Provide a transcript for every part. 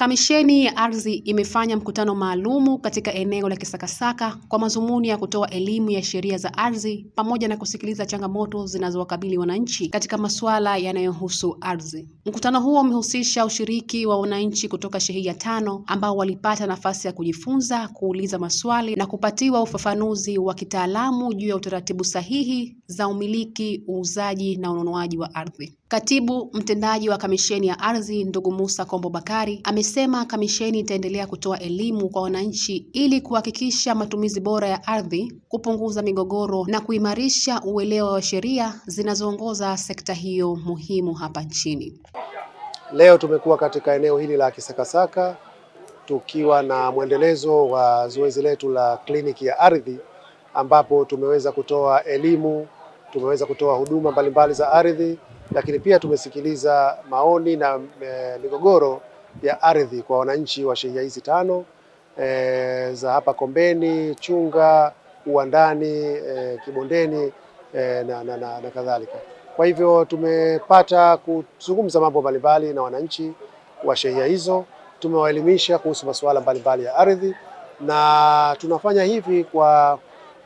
Kamisheni ya Ardhi imefanya mkutano maalumu katika eneo la Kisakasaka kwa madhumuni ya kutoa elimu ya sheria za ardhi pamoja na kusikiliza changamoto zinazowakabili wananchi katika masuala yanayohusu ardhi. Mkutano huo umehusisha ushiriki wa wananchi kutoka shehia tano ambao walipata nafasi ya kujifunza, kuuliza maswali na kupatiwa ufafanuzi wa kitaalamu juu ya utaratibu sahihi za umiliki, uuzaji na ununuaji wa ardhi. Katibu mtendaji wa Kamisheni ya Ardhi, ndugu musa Kombo Bakari, amesema kamisheni itaendelea kutoa elimu kwa wananchi ili kuhakikisha matumizi bora ya ardhi, kupunguza migogoro na kuimarisha uelewa wa sheria zinazoongoza sekta hiyo muhimu hapa nchini. Leo tumekuwa katika eneo hili la Kisakasaka tukiwa na mwendelezo wa zoezi letu la kliniki ya ardhi ambapo tumeweza kutoa elimu, tumeweza kutoa huduma mbalimbali za ardhi lakini pia tumesikiliza maoni na e, migogoro ya ardhi kwa wananchi wa shehia hizi tano e, za hapa Kombeni, Chunga, Uwandani, e, Kibondeni e, na, na, na, na kadhalika. Kwa hivyo tumepata kuzungumza mambo mbalimbali na wananchi wa shehia hizo, tumewaelimisha kuhusu masuala mbalimbali ya ardhi, na tunafanya hivi kwa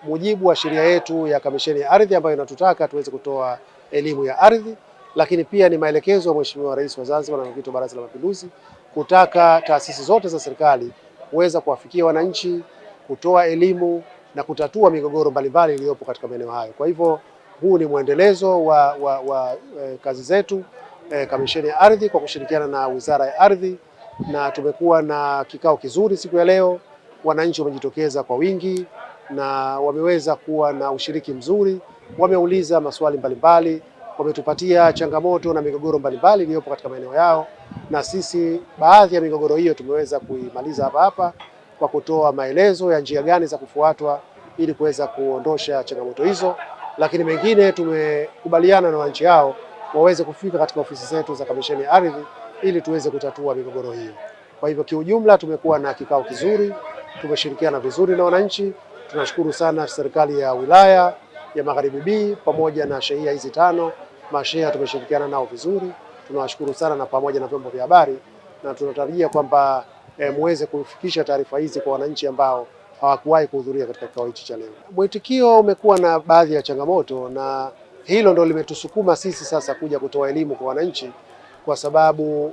mujibu wa sheria yetu ya Kamisheni ya Ardhi ambayo inatutaka tuweze kutoa elimu ya ardhi lakini pia ni maelekezo ya Mheshimiwa Rais wa Zanzibar na mwenyekiti wa Baraza la Mapinduzi kutaka taasisi zote za serikali kuweza kuwafikia wananchi, kutoa elimu na kutatua migogoro mbalimbali iliyopo katika maeneo hayo. Kwa hivyo huu ni mwendelezo wa, wa, wa eh, kazi zetu eh, Kamisheni ya Ardhi kwa kushirikiana na Wizara ya Ardhi, na tumekuwa na kikao kizuri siku ya leo. Wananchi wamejitokeza kwa wingi na wameweza kuwa na ushiriki mzuri, wameuliza maswali mbalimbali mbali wametupatia changamoto na migogoro mbalimbali iliyopo katika maeneo yao, na sisi baadhi ya migogoro hiyo tumeweza kuimaliza hapa hapa kwa kutoa maelezo ya njia gani za kufuatwa ili kuweza kuondosha changamoto hizo, lakini mengine tumekubaliana na wananchi hao waweze kufika katika ofisi zetu za Kamisheni ya Ardhi ili tuweze kutatua migogoro hiyo. Kwa hivyo kiujumla, tumekuwa na kikao kizuri, tumeshirikiana vizuri na wananchi. Tunashukuru sana serikali ya wilaya ya Magharibi B pamoja na shehia hizi tano. Mashehia tumeshirikiana nao vizuri, tunawashukuru sana na pamoja na vyombo vya habari, na tunatarajia kwamba e, muweze kufikisha taarifa hizi kwa wananchi ambao hawakuwahi kuhudhuria katika kikao hichi cha leo. Mwitikio umekuwa na baadhi ya changamoto, na hilo ndo limetusukuma sisi sasa kuja kutoa elimu kwa wananchi, kwa sababu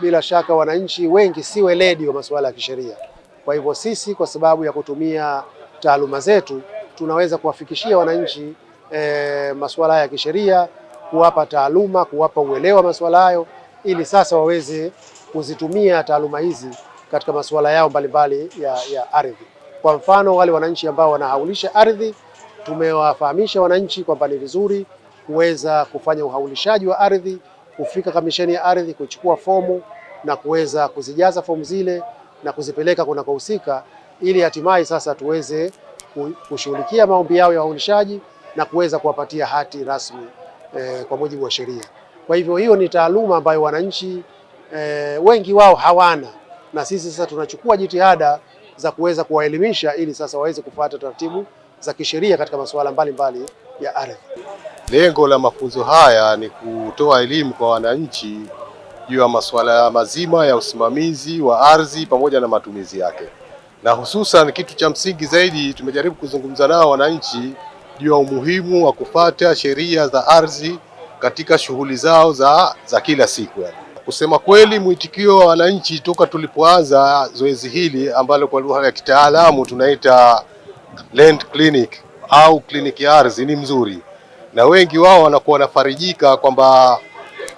bila shaka wananchi wengi si weledi wa masuala ya kisheria. Kwa hivyo sisi, kwa sababu ya kutumia taaluma zetu tunaweza kuwafikishia wananchi e, eh, masuala ya kisheria, kuwapa taaluma, kuwapa uelewa masuala hayo, ili sasa waweze kuzitumia taaluma hizi katika masuala yao mbalimbali ya, ya ardhi. Kwa mfano wale wananchi ambao wanahaulisha ardhi, tumewafahamisha wananchi kwamba ni vizuri kuweza kufanya uhaulishaji wa ardhi, kufika kamisheni ya ardhi, kuchukua fomu na kuweza kuzijaza fomu zile na kuzipeleka kunakohusika, ili hatimaye sasa tuweze kushughulikia maombi yao ya waunishaji na kuweza kuwapatia hati rasmi e, kwa mujibu wa sheria. Kwa hivyo hiyo ni taaluma ambayo wananchi e, wengi wao hawana, na sisi sasa tunachukua jitihada za kuweza kuwaelimisha ili sasa waweze kufuata taratibu za kisheria katika masuala mbalimbali ya ardhi. Lengo la mafunzo haya ni kutoa elimu kwa wananchi juu ya masuala mazima ya usimamizi wa ardhi pamoja na matumizi yake na hususan kitu cha msingi zaidi tumejaribu kuzungumza nao wananchi juu ya umuhimu wa kufata sheria za ardhi katika shughuli zao za, za kila siku yani. Kusema kweli mwitikio wa wananchi toka tulipoanza zoezi hili ambalo kwa lugha ya kitaalamu tunaita land clinic au kliniki ya ardhi ni mzuri, na wengi wao wanakuwa wanafarijika kwamba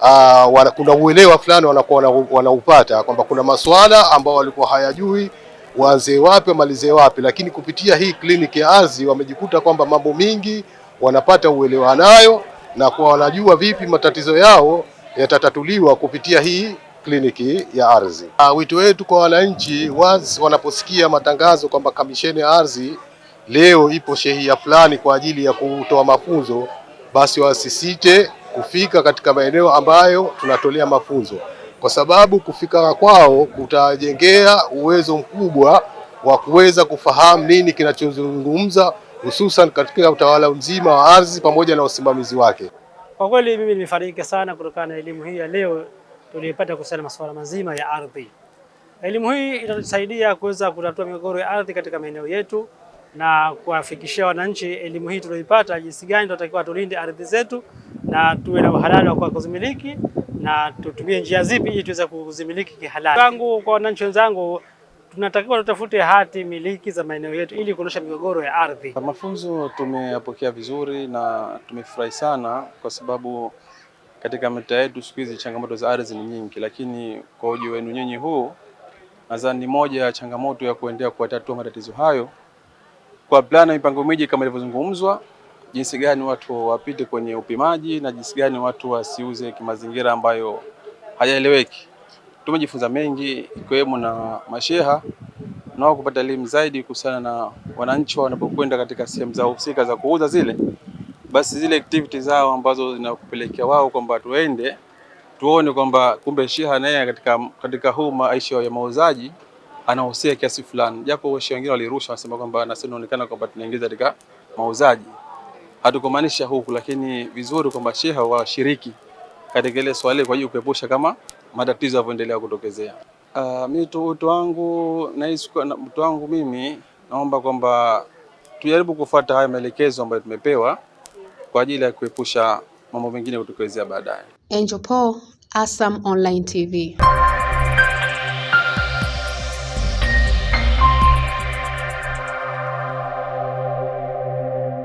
ah, kuna uelewa fulani wanakuwa wanaupata kwamba kuna masuala ambao walikuwa hayajui wazee wapi wamalizie wapi, lakini kupitia hii kliniki ya Ardhi wamejikuta kwamba mambo mingi wanapata uelewa nayo na kwa wanajua vipi matatizo yao yatatatuliwa kupitia hii kliniki ya Ardhi. Ah, wito wetu kwa wananchi, wazi wanaposikia matangazo kwamba kamisheni ya ardhi leo ipo shehia fulani kwa ajili ya kutoa mafunzo, basi wasisite kufika katika maeneo ambayo tunatolea mafunzo kwa sababu kufika kwao kutajengea uwezo mkubwa wa kuweza kufahamu nini kinachozungumza hususan katika utawala mzima wa ardhi pamoja na usimamizi wake. Kwa kweli mimi nimefarijika sana kutokana na elimu hii ya leo tuliyopata kuhusiana na masuala mazima ya ardhi. Elimu hii itatusaidia kuweza kutatua migogoro ya ardhi katika maeneo yetu na kuwafikishia wananchi elimu hii tulioipata, jinsi gani tunatakiwa tulinde ardhi zetu na tuwe na uhalali wa kuzimiliki na tutumie njia zipi ili tuweze kuzimiliki kihalali. Wangu kwa wananchi wenzangu, tunatakiwa tutafute hati miliki za maeneo yetu ili kuonesha migogoro ya ardhi. Mafunzo tumeyapokea vizuri na tumefurahi sana, kwa sababu katika mitaa yetu siku hizi changamoto za ardhi ni nyingi, lakini kwa ujio wenu nyinyi huu nadhani ni moja ya changamoto ya kuendelea kuwatatua matatizo hayo kwa plana mipango miji kama ilivyozungumzwa jinsi gani watu wapite kwenye upimaji na jinsi gani watu wasiuze kimazingira ambayo hayaeleweki. Tumejifunza mengi ikiwemo na masheha na kupata elimu zaidi kuhusiana na wananchi wanapokwenda katika sehemu za husika za kuuza zile, basi zile activity zao ambazo zinakupelekea wao kwamba tuende tuone kwamba kumbe sheha naye katika, katika huu maisha ya mauzaji anahusika kiasi fulani, japo shehe wengine walirusha, wanasema kwamba nasi inaonekana kwamba tunaingiza katika mauzaji hatukumaanisha huku, lakini vizuri kwamba sheha washiriki katika ile swali kwa ajili kuepusha kama matatizo yavyoendelea kutokezea. Uh, mimi wangu nahisi mtu wangu mimi naomba kwamba tujaribu kufuata haya maelekezo ambayo tumepewa kwa ajili ya kuepusha mambo mengine kutokezea baadaye. Angel Paul, ASAM Online TV.